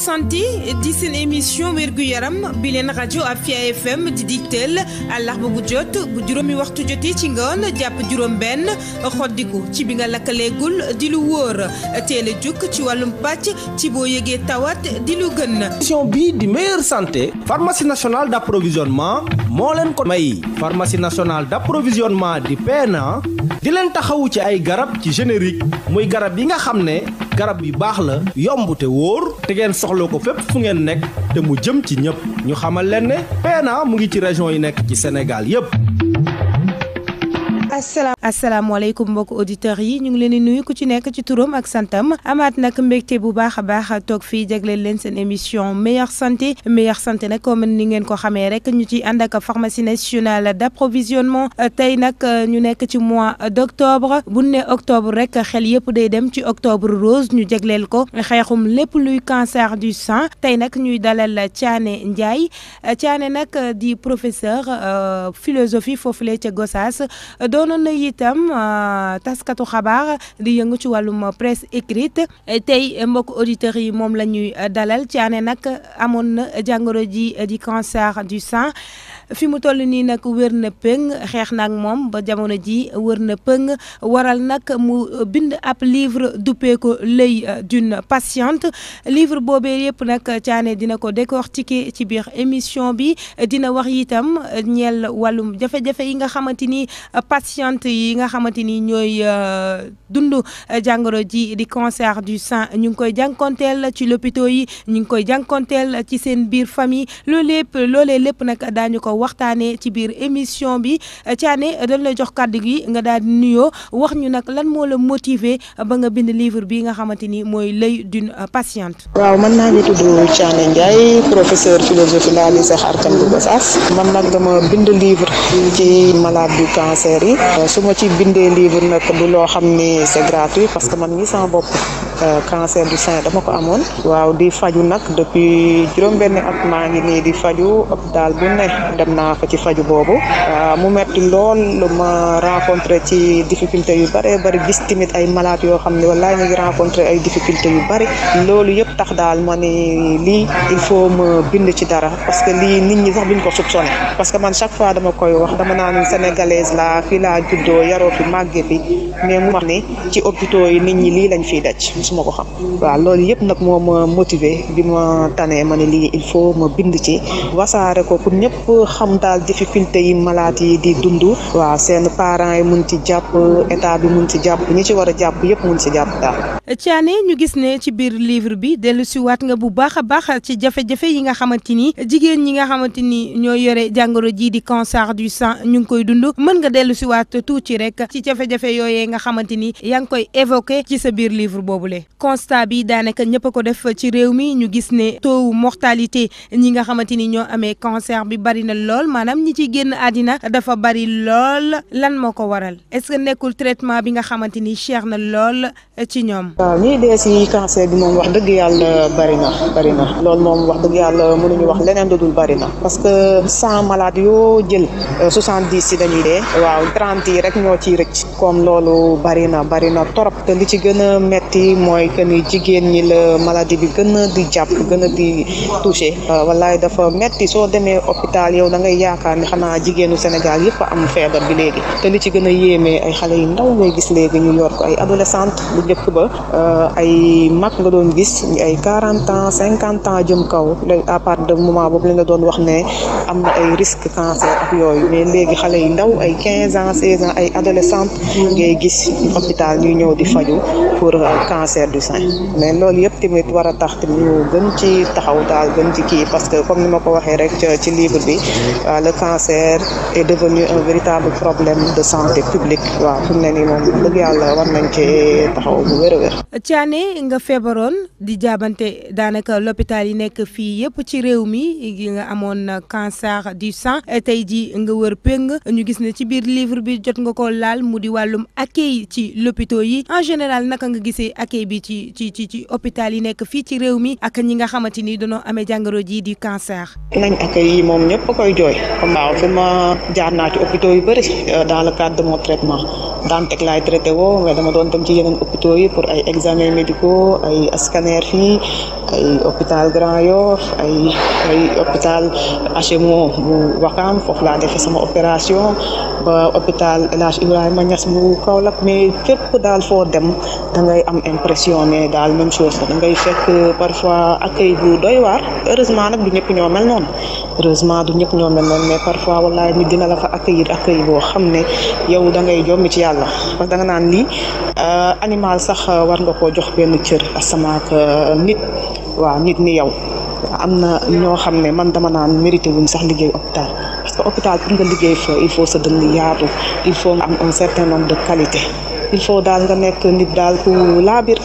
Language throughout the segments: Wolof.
santé di seen émission wérgu yaram bi leen rajo Afia FM di digteel àllarba bu jot bu juróomi waxtu jotee ci ngoon jàpp juróom-benn xoddiku ci bi nga lakkaleegul di lu wóor teel a jukk ci wàllum pàcc ci boo yëgee tawat di lu gën. émission bi di meilleure santé. pharmacie nationale d'approvisionnement moo leen ko may. pharmacie nationale d'approvisionnement di PNA di leen taxawu ci ay garab ci générique muy garab yi nga xam ne. garab yu baax la yomb te wóor te ngeen soxla ko fépp fu ngeen nekk te mu jëm ci ñëpp ñu xamal leen ne naa mu ngi ci région yi nekk ci Sénégal yépp asalaam asalaamaaleykum mbokk auditeurs yi ñu ngi leen di nuyu ku ci nekk ci turam ak santam amaat nag mbégte bu baax a baax toog fii jagleel leen seen émission meilleure santé meilleure santé nag comme ni ngeen ko xamee rek ñu ci ànd ak pharmacie nationale d'approvisionnement tey nag ñu nekk ci mois d'octobre bu ne octobre rek xel yëpp day dem ci octobre rose ñu jagleel ko xeexum lépp luy cancer du sang tey nag ñuy dalal caane Ndiaye Thiané nag di professeur euh, philosophie foofule ca Gossas doon doonoon na itam ah, taskatu xabaar di yëngu ci wàllum presse écrite tey mbokk auditeurs yi moom la ñuy dalal ci année nag amoon na jàngoro ji di cancer du sein fi mu toll nii nag wër na pëng xeex nag moom ba jamono ji wër na pëng waral nag mu bind ab livre duppee ko l'œil d'une patiente livre boobee yëpp nag caane dina ko décortiquer ci biir émission bi dina wax itam ñeel wàllum jafe-jafe yi nga xamante ni patiente yi nga xamante ni ñooy euh, dund jàngoro ji di cancer du sein ñu ngi koy jànkonteel ci lopito yi ñu ngi koy jànkonteel ci seen biir famille loolu lépp loolee lépp nag daañu ko waxtaanee ci biir émission bi Thiané dañ la jox kàddu gi nga daal di nuyoo wax ñu nag lan moo la motiver ba nga bind livre bi nga xamante ni mooy l'œil d'une patiente. waaw man maa ngi tudd Thiané Ndiaye professeur philosophie laa lycée Khartane bu Gossas man nag dama bind livre ci malade du cancer yi su ma ci bindee livre nag du loo xam ni c'est gratuit parce que man mi sama bopp. Euh, cancer du sein dama ko amoon waaw di faju nag depuis juróom-benn at maa ngi nii di faju daal bu ne dem naa fa ci faju boobu euh, mu metti lool ma rencontré ci difficulté yu bare bari gis tamit ay malade yoo xam ne wallaay ñu ngi ay difficulté yu bari loolu yëpp tax daal ma ne lii il faut ma bind ci dara parce que lii nit ñi sax buñ ko soupçonné parce que man chaque fois dama koy wax dama naan sénégalaise la fii laa juddoo yaroo fi màggee fi mais mu wax ci hôpitaux yi nit ñi lii lañ fiy daj mosuma ko xam waaw loolu yëpp nag moo ma motiver bi ma tanee ma ne lii il faut ma bind ci wasaare ko pour ñëpp xam daal difficulté yi malade yi di dund waaw seen parent yi mun ci jàpp état bi mun ci jàpp ñi ci war a jàpp yëpp mun ci jàpp daal Thiané ñu gis ne ci biir livre bi dellu si waat nga bu baax a baax ci jafe-jafe yi nga xamante ni jigéen ñi nga xamante ni ñoo yore jàngoro jii di cancer du sang ñu ngi koy dund man nga dellu si waat tuuti rek ci jafe-jafe yooyee nga xamante ni yaa ngi koy ci sa jàngale constat bi daanaka ñëpp a ko def ci réew mi ñu gis ne taux mortalité ñi nga xamante ni ñoo amee cancer bi bari na lool maanaam ñi ciy génn àddina dafa bari lool lan moo ko waral est-ce que nekkul traitement bi nga xamante ni cher na lool ci ñoom. waaw ñiy dee si cancer bi moom wax dëgg yàlla bari na bari na loolu moom wax dëgg yàlla mënuñu wax leneen lu dul bari na parce que cent malades yoo jël euh, soixante-dix si dañuy dee waaw trente yi rek ñoo ci rëcc comme loolu bari mooy que jigéen ñi la maladie bi gën a di jàpp gën a di touché euh, wallaay dafa metti soo demee hôpital yow da ngay yaakaar ni xanaa jigéenu Sénégal yëpp am feebar bi léegi te li ci gën a yéemee ay xale yu ndaw ngay gis léegi ñu yor ko ay adolescente bu ba euh, ay mag nga doon gis ay quarante ans cinquante ans jëm kaw à part de moment boobu lañ la doon wax ne am na ay risque cancer yooyu léegi xale yu ndaw ay quinze ans seize ans ay adolescente ngay gis hôpital yu ñëw di faju pour euh, cancer cancer du sein mais loolu yëpp tamit war a tax tamit ñu gën ci taxaw daal gën ci kii parce que comme ni ma ko waxee rek ci livre bi euh, le cancer est devenu un véritable problème de santé publique waaw fi mu ne nii moom dëgg yàlla ci taxaw bu wér a wér Thiané nga feebaroon di jaabante daanaka l'hôpital yi nekk fii yëpp ci réew mi gi nga amoon cancer du sein tey ji nga wër péng ñu gis ne ci biir livre bi jot nga ko laal mu di wàllum accueil ci l'hôpital yi en général naka nga liggéey bi ci ci ci ci hôpital yi nekk fii ci réew mi ak ñi nga xamante ni dañoo amee jàngoro jii di cancer. nañ accueil yi moom ñëpp koy jooy. waaw fi ma jaar naa ci hôpitaux yu bëri euh, dans le cadre de mon traitement daan teg traité woo dama doon dem ci yeneen hôpitaux yi pour ay examens médicaux ay scanner fii ay hôpital Grand Yoff ay ay hôpital bu Wakam foofu laa defee sama opération ba hôpital El Hadj Ibrahima Niass bu Kaolack mais képp daal foo dem da ngay am pression mais daal même chose la da ngay fekk parfois accueil bu doy waar heureusement nag du ñëpp ñoo mel noonu heureusement du ñëpp ñoo mel noonu mais parfois wallaay mi dina la fa accueillir accueil boo xam ne yow dangay ngay ci yàlla parce danga da nga naan lii euh, animal sax euh, war nga koo jox benn cër asamaak euh, nit waaw nit ni yow am na ñoo xam ne man dama naan mérité wuñ sax liggéey hôpital parce que hôpital pour nga liggéey fa il faut sa dënn yaatu il faut nga am un certain nombre de qualité il faut daal nga nekk nit daal ku laabir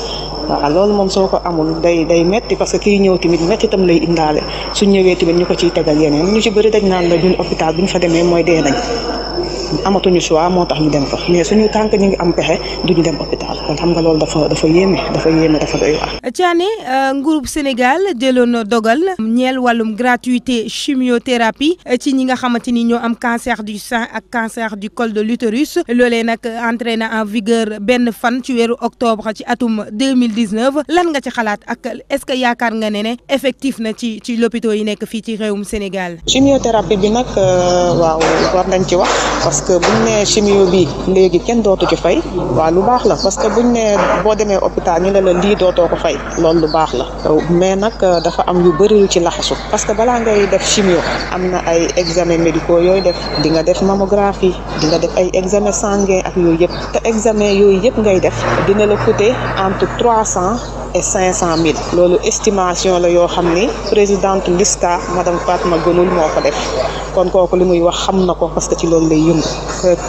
waa loolu moom soo ko amul day day metti parce que kii ñëw tamit metti tam lay indaale su ñëwee tamit ñu ko ciy tegal yeneen ñu ci bëri dañ naan la ñun hôpital bi ñu fa demee mooy dee nañ amatuñu choix moo tax ñu dem fa mais suñu tànk ñu ngi am pexe duñu dem hôpital kon xam nga loolu dafa dafa yéeme dafa yéeme dafa doy waar. Thiané euh, nguurub Sénégal jëloon dogal ñeel wàllum gratuité chimiothérapie ci ñi nga xamante ni ñoo am cancer du sein ak cancer du col de l'utérus loolee nag entré na en vigueur benn fan ci weeru octobre ci atum deux mille dix-neuf lan nga ci xalaat ak est-ce que yaakaar nga ne ne effectif na ci ci lopito yi nekk fii ci réewum Sénégal. chimiothérapie bi nag euh, waaw war wax que bu ñu bi léegi kenn dootu ci fay waaw lu baax la parce que bu ñu nee boo demee hôpital ñu ne la lii dootoo ko fay loolu lu baax la mais nag euh, dafa am yu bëri ci laxasu parce que balaa ngay def chimio am na ay examen médicaux yooyu def di nga def mammographie di nga def ay examen sanguin ak yooyu yëpp te yooyu yëpp ngay def dina la coûter entre trois cent et cinq cent mille loolu estimation la yoo xam ni présidente lista madame ma Guenoune moo ko def kon kooku li muy wax xam na ko parce que ci loolu lay yëngu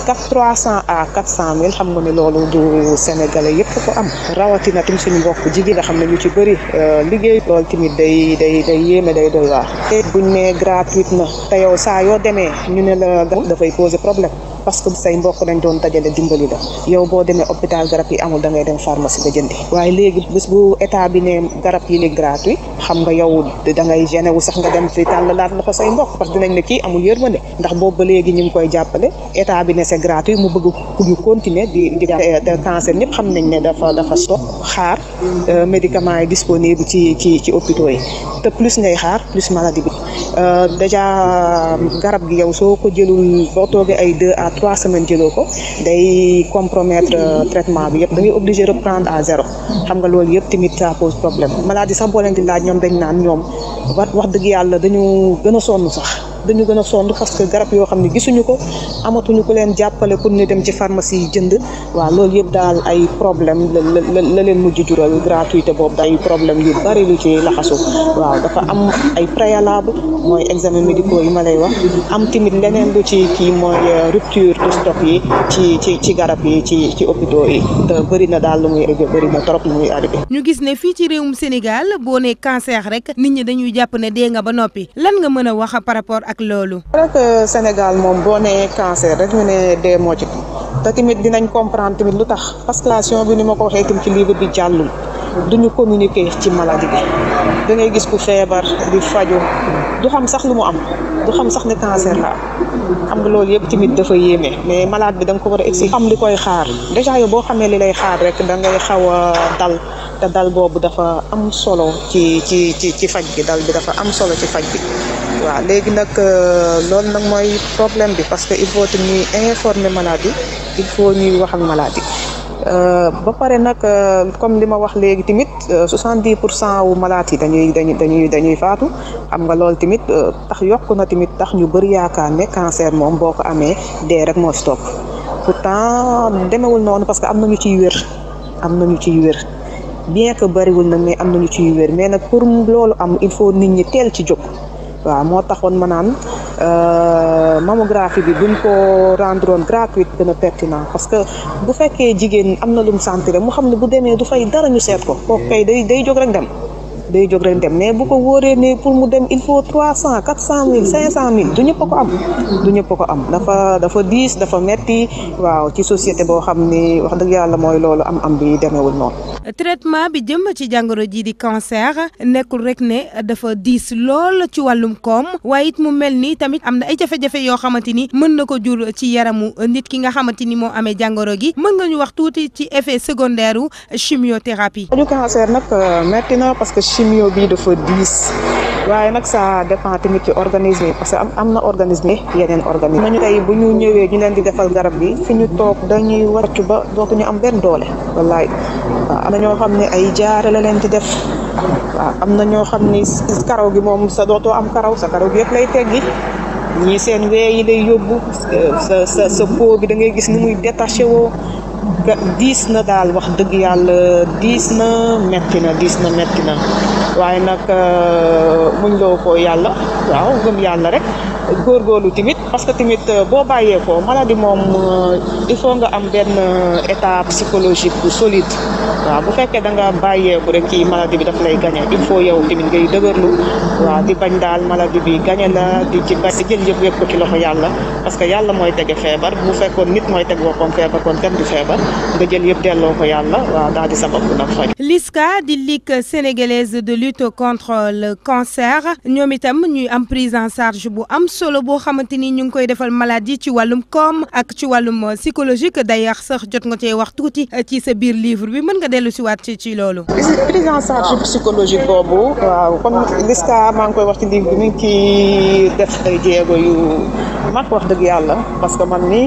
quatre cent à quatre cent mille xam nga ne loolu du sénégalais yëpp ko am rawatina tamit suñu mbokk jigéen nga xam ne ñu ci bëri euh, liggéey loolu tamit day day day yéeme day doy waar. buñ ne gratuite na te yow saa yoo demee ñu ne la dafay poser problème. parce que say mbokk dañ doon dajale dimbali la yow boo demee hôpital garab yi amul da ngay dem pharmacie ba jëndi waaye léegi bés bu état bi ne garab yi ni gratuit xam nga yow da ngay gêné wu sax nga dem fi tàllalaat la ko say mbokk parce que dinañ ne kii amul yërmande ndax boobu ba léegi ñu ngi koy jàppale état bi ne c'est gratuit mu bëgg ku ñu continuer di di eh, cancer ñëpp xam nañ ne dafa dafa toog xaar euh, médicaments yi disponible ci ci ci hôpitaux yi te plus ngay xaar plus maladie bi Euh, déjà garab gi yow soo ko jëlul boo toogee ay deux à trois semaines jëloo ko day compromettre euh, traitement bi yëpp da ngay obligé reprendre à zéro xam nga loolu yëpp tamit ça pose problème maladie sax boo leen di laaj ñoom dañ naan ñoom wax dëgg yàlla dañu gën a sonn sax dañu gën a parce que garab yoo xam ne gisuñu ko amatuñu ko leen jàppale pour ñu dem ci pharmacie jënd waaw loolu yëpp daal ay problème la la la leen mujj jural gratuité boobu day problème yu bari lu ci laxasu waaw dafa am ay préalable mooy examen médicaux yi ma lay wax am tamit leneen lu ci kii mooy euh, rupture de yi ci ci ci garab yi ci ci yi bëri na daal lu muy arrivé bëri ma trop lu muy arrivé. ñu gis ne fii ci réewum Sénégal boo ne cancer rek nit ñi dañuy jàpp ne dee nga ba noppi lan nga mën a wax par loolu. rek Sénégal moom boo nee cancer rek ñu ne dee moo ci te tamit dinañ comprendre tamit lu tax parce que situation bi ni ma ko waxee tamit ci livre bi jàllul duñu communiquer ci maladie bi da ngay gis ku feebar di faju du xam sax lu mu am du xam sax ne cancer la am xam nga loolu yëpp tamit dafa yéeme mais malade bi da nga ko war egsi xam li koy xaar déjà yow boo xamee li lay xaar rek da ngay xaw a dal te dal boobu dafa am solo ci ci ci ci faj bi dal bi dafa am solo ci faj bi waaw léegi nag euh, loolu nag mooy problème bi parce que il faut que ñuy informer maladie il faut ñuy wax ak maladie euh, ba pare nag euh, comme li ma wax léegi tamit soixante dix pour cent wu malade yi dañuy dañuy dañuy faatu am nga loolu tamit tax yokk na tamit tax ñu bëri yaakaar ne cancer moom boo ko amee dee rek moo si topp pourtant demewul noonu parce que am na ñu ciy wér am na ñu ci wér bien que bariwul na mais am na ñu ciy wér mais nag pour loolu am il faut nit ñi teel ci jog waaw moo taxoon ma naan euh, mammographie bi buñ ko rendre woon gratuite gën a pertinent parce que bu fekkee jigéen am na lum sentir mu xam ne bu demee du fay dara ñu seet ko kooku day day jóg rek dem. day jóg rek dem mais bu ko wooree ne pour mu dem il faut trois cent quatre cent mille cinq cent mille du ñëpp a ko am du dafa dafa diis dafa metti waaw ci société boo xam ni wax dëgg yàlla mooy loolu am am bi demeewul noonu. traitement bi jëm ci jàngoro ji di cancer nekkul rek ne dafa diis lool ci wàllum koom waaye it mu mel ni tamit am na ay jafe-jafe yoo xamante ni mën na ko jur ci yaramu nit ki nga xamante ni moo amee jàngoro gi mën nga ñu wax tuuti ci effet secondaire u chimiothérapie. du nag euh, metti ci chimio bi dafa diis waaye nag saa dépend tamit ci organise yi parce que am am na organisme yeneen organisme ñu tey bu ñu ñëwee ñu leen di defal garab bi fi ñu toog dañuy wàcc ba dootuñu am benn doole wallaay am na ñoo xam ne ay jaare la leen di def waaw am na ñoo xam ni karaw gi moom sa dootoo am karaw sa karaw gi yëpp lay teggi ñii seen wee yi lay yóbbu sa sa sa peau bi da gis ni muy détaché diis na daal wax dëgg yàlla diis na metti na diis na metti na waaye nag euh, muñ loo ko yàlla waaw gëm yàlla rek góorgóorlu timit parce que tamit euh, boo bàyyee ko maladie moom euh, il faut nga am benn euh, état psychologique bu solide waaw bu fekkee da nga bàyyeeku rek kii maladie bi daf lay gagné il faut yow tamit ngay dëgërlu waaw di bañ daal maladie bi gagné la di ci jël yëpp yëpp ko ci loxo yàlla parce que yàlla mooy tege feebar bu fekkoon nit mooy teg boppam feebar kon kenn du feebar nga jël yëpp delloo ko yàlla waaw daal di sa bopp nag faj. LISCA di Ligue sénégalaise de lutte contre le cancer ñoom itam ñu ngi koy defal malade yi ci wàllum kom ak ci wàllum day d'ailleurs sax jot nga cee wax tuuti ci sa biir livre bi mën nga dellu si waat ci ci loolu. prise en boobu. waaw maa ngi koy wax ci livre bi mi ngi ciy def ay jéego yu mag wax dëgg yàlla parce que man nii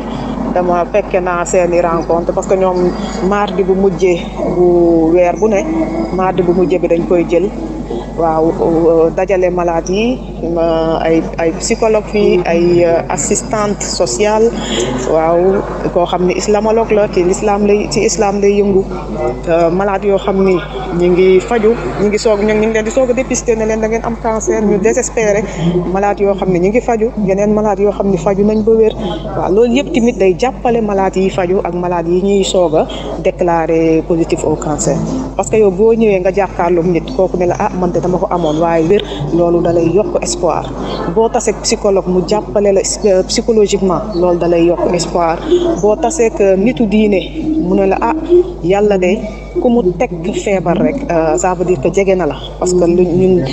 dama fekke naa seeni rencontre parce que ñoom mardi bu mujje bu weer bu ne mardi bu mujjee bi dañ koy jël waaw euh, dajale malade yi ay ay psychologue yi ay assistante sociale waaw koo xam ni islamologue la ci l'islam lay ci islam lay yëngu euh, malade yoo xam ni ñu ngi faju ñu ngi soog ñu ngi leen di soog ne leen da ngeen am cancer ñu désespéré malade yoo xam ne ñu ngi faju yeneen malade yoo xam ni faju nañ ba wér waaw yëpp tamit day jàppale malade yi faju ak malade yi ñuy soog a déclaré positif au cancer parce que yow boo ñëwee nga jàkkaarloog nit kooku ne la ah man de dama ko amoon waaye wér loolu dalay yokk espoir boo tasee psychologue mu jàppale la euh, psychologiquement loolu dalay yokk espoir boo tasee nitu diine mu ne la ah yàlla de. ku mu teg feebar rek euh, ça veut que jege na la parce que lu ñun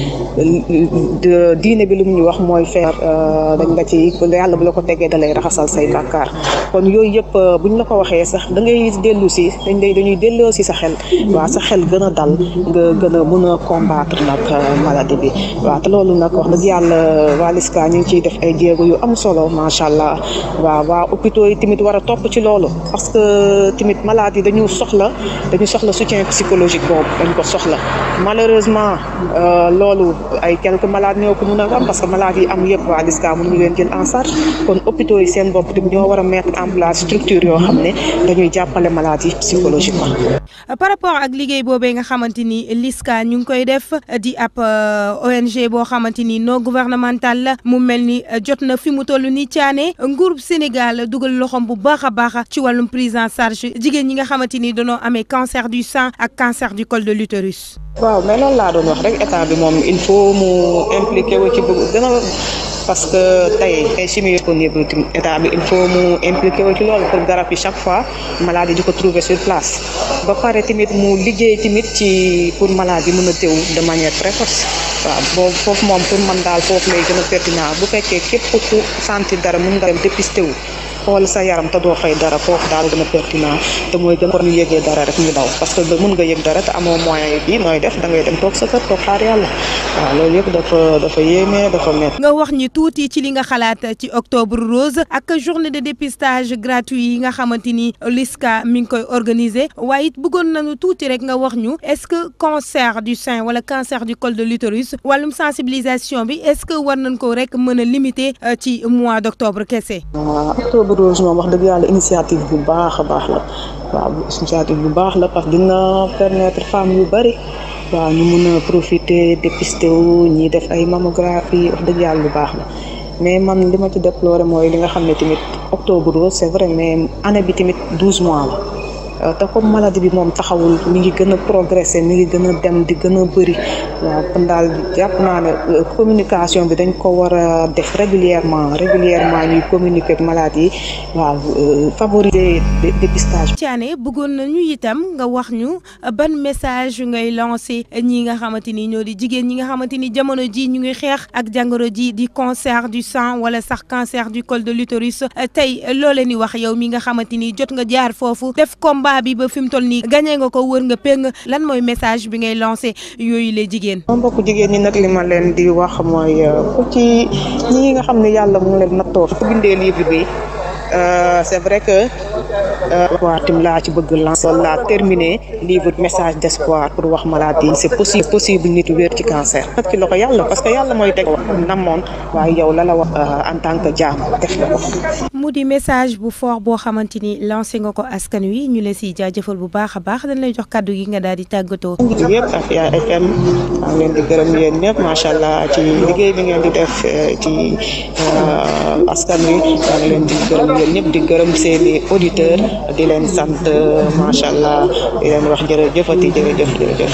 diine bi lu mu ñu wax mooy feebar euh, dañ la ci yàlla bu la ko tegee dalay raxasal say bàkkaar kon yooyu yëpp euh, buñ la ko waxee sax da ngay dellu si dañ lay dañuy delloo si sa xel waa sa xel gën a dal nga gën a mën a combattre nag maladie bi waaw te loolu nag wax dëgg yàlla waa Liska ñu ngi ciy def ay jéego yu am solo macha allah waaw waa hôpitaux yi wara topp ci loolu parce que tamit maladie dañu soxla dañu soxla soutien psychologique boobu dañ ko soxla malheureusement euh, loolu ay quelques malades ñoo ko mën a am parce que malades yi am yëpp waa LISCA mënuñu leen jël a mettre en place structure yoo xam ne dañuy jàppale malades par rapport ak liggéey boobee nga xamante ni LISCA ñu ngi koy def di ab euh, ONG boo xamante ni non gouvernemental la mu mel ni jot na fi mu toll nii caane nguurub Sénégal dugal da bu a baax ci wàllum prise en du sang ak cancer du col de l'utérus waaw mais loolu laa doon wax rek état bi moom il faut mu impliqué wu ci bëgg gën parce que tey ay chimie ko yëpp état bi il faut mu impliqué wu ci loolu pour garab yi chaque fois maladie di ko trouver sur place ba pare tamit mu liggéey tamit ci pour maladie mën a teew de manière précoce waaw boobu foofu moom pour man daal foofu lay gën a pertinent bu fekkee képp ku sentir dara mun nga dem dépisté wu xool sa yaram te doo fay dara foofu daal gën a pertinent te mooy gën a ñu yëgee dara rek ñu daw parce que mën nga yëg dara te amoo moyen bi nooy def da ngay toog sa toog xaar yàlla waaw loolu dafa dafa dafa métti. nga wax ñu tuuti ci li nga xalaat ci octobre rose ak journée de dépistage gratuit yi nga xamante ni LISCA mi ngi koy organiser waaye it bëggoon nañu tuuti rek nga wax ñu est-ce que cancer du sein wala cancer du col de l'utérus wàllum sensibilisation bi est-ce que war nañ ko rek mën a limiter euh, ci mois d'octobre kese. octobre Rose moom wax dëgg yàlla initiative bu baax a baax la waaw initiative bu baax la parce que dina permettre femmes yu bari waaw ñu mun a profiter dépister wu def ay mammographie wax dëgg yàlla bu baax la mais man li ma ci déplorer mooy li nga xam ne tamit octobre rose c'est vrai mais année bi tamit douze mois la. Euh, te comme maladie bi moom taxawul mi ngi gën a progresser mi ngi gën a dem di gën a bëri waaw kon daal jàpp naa ne euh, communication bi dañ ko war a def régulièrement régulièrement ñuy communiquer ak malade yi waaw euh, favoriser dépistage. Thiané bëggoon nañu itam nga wax ñu ban message ngay lancer ñi nga xamante ni ñoo di jigéen ñi nga xamante ni jamono ji ñu ngi xeex ak jàngoro ji di cancer du sang wala sax cancer du col de l'utérus tey loo leen di wax yow mi nga xamante jot nga waa bi ba fi mu toll nii gagné nga ko wër nga péng lan mooy message bi ngay lancé yooyu la jigéen. moom mbokku jigéen ñi nag li ma leen di wax mooy euh, ku ci ñi nga xam ne yàlla mu leen nattoo. ku bindee livre bi euh, c'est vrai que. Euh, tim laa ci bëgg lancer la terminer livre message d'espoir pour wax maladie c'est possible possible nit wér ci cancer ak ci loxo yàlla parce que yàlla mooy teg namoon waaye yow la la wax euh, en tant que jaam def la ko mu di message bu fort boo xamante ni lancé nga ko askan wi ñu la siy jaajëfal bu baax a baax dañ lay jox kàddu gi nga daal di tàggatoo yëpp Afia FM maa ngi di gërëm yéen ñëpp macha allah ci liggéey bi ngeen di def euh, ci askan wi maa leen di gërëm yéen ñëpp di gërëm secteur di leen sant macha allah di leen wax jërëjëfati jërëjëf jërëjëf.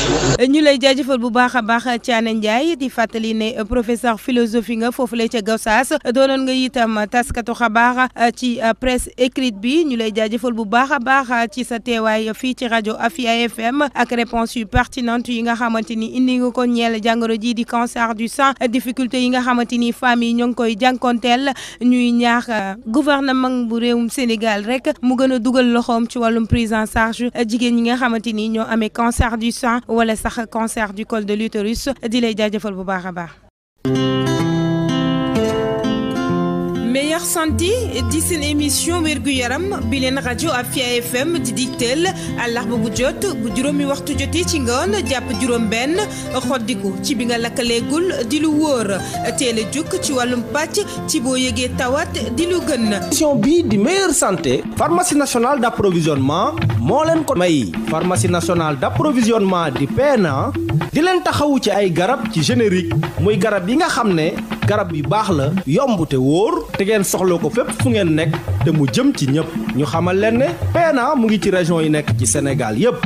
ñu lay jaajëfal bu baax a baax Thiané Ndiaye di fàttali ne professeur philosophie nga foofu la ca Gossas doonoon nga itam taskatu baax ci presse écrite bi ñu lay jaajëfal bu baax a baax ci sa teewaay fii ci rajo Afia FM ak réponse yu pertinente yi nga xamante ni indi ko ñeel jàngoro ji di cancer du sang difficulté yi nga xamante ni femmes yi ñoo ngi koy jànkonteel ñuy ñaax gouvernement bu réewum Sénégal rek. mu gën a dugal loxoom ci wàllum prise en charge jigéen ñi nga xamante ni ñoo amee cancer du sein wala sax cancer du cole de l'utérus di lay jaajafal bu baax a baax Yar Santé di seen émission wérgu yaram bi leen rajo Afia FM di digteel àllarba bu jot bu juróomi waxtu jotee ci ngoon jàpp juróom-benn xoddiku ci bi nga lakkaleegul di lu wóor teel a jukk ci wàllum pàcc ci boo yëgee tawat di lu gën. émission bi di meilleure santé. pharmacie nationale d'approvisionnement. moo leen ko may pharmacie nationale d'approvisionnement di PNA di leen taxawu ci ay garab ci générique muy garab yi nga xam ne garab yu baax la yomb te wóor te ngeen soxla ko fépp fu ngeen nekk te mu jëm ci ñëpp ñu xamal leen ne PNA mu ngi ci région yi nekk ci Sénégal yépp